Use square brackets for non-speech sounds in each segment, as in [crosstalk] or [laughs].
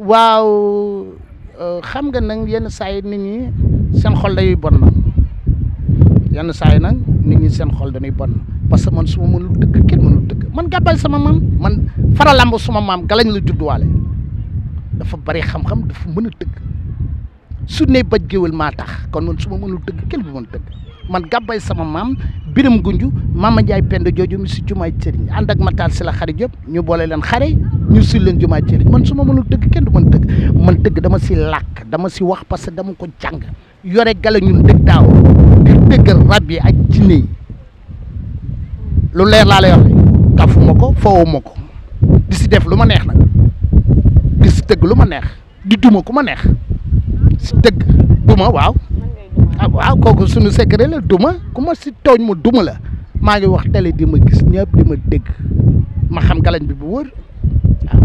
waaw euh, xam nga nag yenn saay nit ñi seen xol dañuy bon yenn saay yi nag nit ñi seen xol dañuy bon parce que man suma ma mënul dëkk kenn mënul dëkk man gàbbal sama mam man faralamb suma maam galañ la judduwaale dafa bari xam-xam dafa mën a dëkk su ne baj géwél maa tax kon man suma mënul dëgg kenn bu mën dëgg man gàbbay sama maam biram gunju mama Njaay pend jooju mi si jumaay sëriñ ànd ak mataal si la xarit yëpp ñu boole leen xare ñu sil leen jumaa ci man suma kan kendo mënul dëgg kenn du mën dëgg man dëgg dama si làkk dama si wax parce que dama ko jàng yore gala ñun dëgg daaw di dëgg rab yi ak jinne yi lu leer laa lay wax ko ko di si def lu neex nag di si dëgg lu neex di duma ku ma neex si dëgg duma waaw waaw kooku suñu secret la duma ku ma si tooñ duma la maa ngi wax télé di ma gis ñëpp di ma dégg ma xam galañ bi bu wër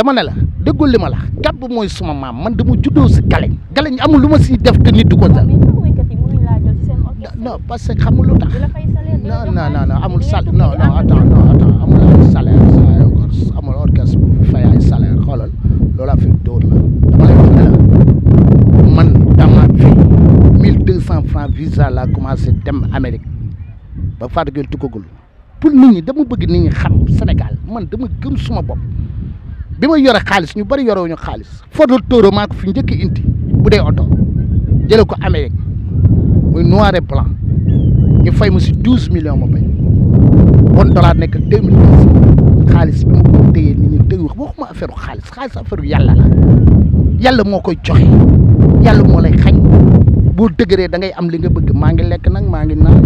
dama ne la suis là, la là, moy suma mam man dama là, je suis là, amul def te nit du ko dal non parce que xamul là, non non non amul salaire non non attends non attends amul salaire amul orchestre salaire xolal lola suis là, la dama la man dama fi 1200 francs visa la commencé dem Amérique ba suis là, pour nit Je dama bëgg nit ñi xam Sénégal man dama gëm suma bi ma yore xaalis ñu bari yorewuñu xaalis Ford Toro maa ko fi njëkk inti bu dee oto jële ko Amérique muy noir et blanc ñu fay mu si douze millions ma bay bon dollar nekk deux mille xaalis bi ma ko téyee nit ñu dégg wax waxuma feru xaalis xaalis affaire yàlla la yàlla moo koy joxe yàlla moo lay xañ boo dëgëree da ngay am li nga bëgg maa ngi lekk nag maa ngi naan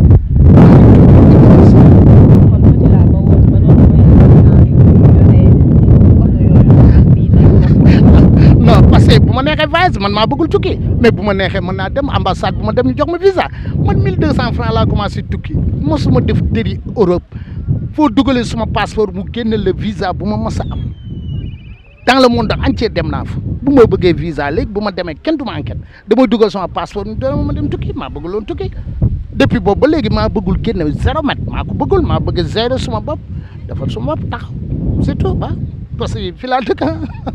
ma neexee voyage man maa bëggul tukki mais bu ma neexee mën naa dem ambassade bu ma dem ñu jox ma visa man 1200 francs laa commencé tukki mosuma def dëri Europe foo dugalee suma passeport mu génne la visa bu ma mës a am dans le monde entier dem naa fa bu ma bëgge visa léegi bu ma demee kenn du ma enquête damay dugal sama passeport ñu ma dem tukki maa bëggul woon tukki depuis boobu ba léegi maa bëggul génne zéro mètre maa ko bëggul ma bëgg gérer suma bopp defal suma bopp tax surtout ba [laughs]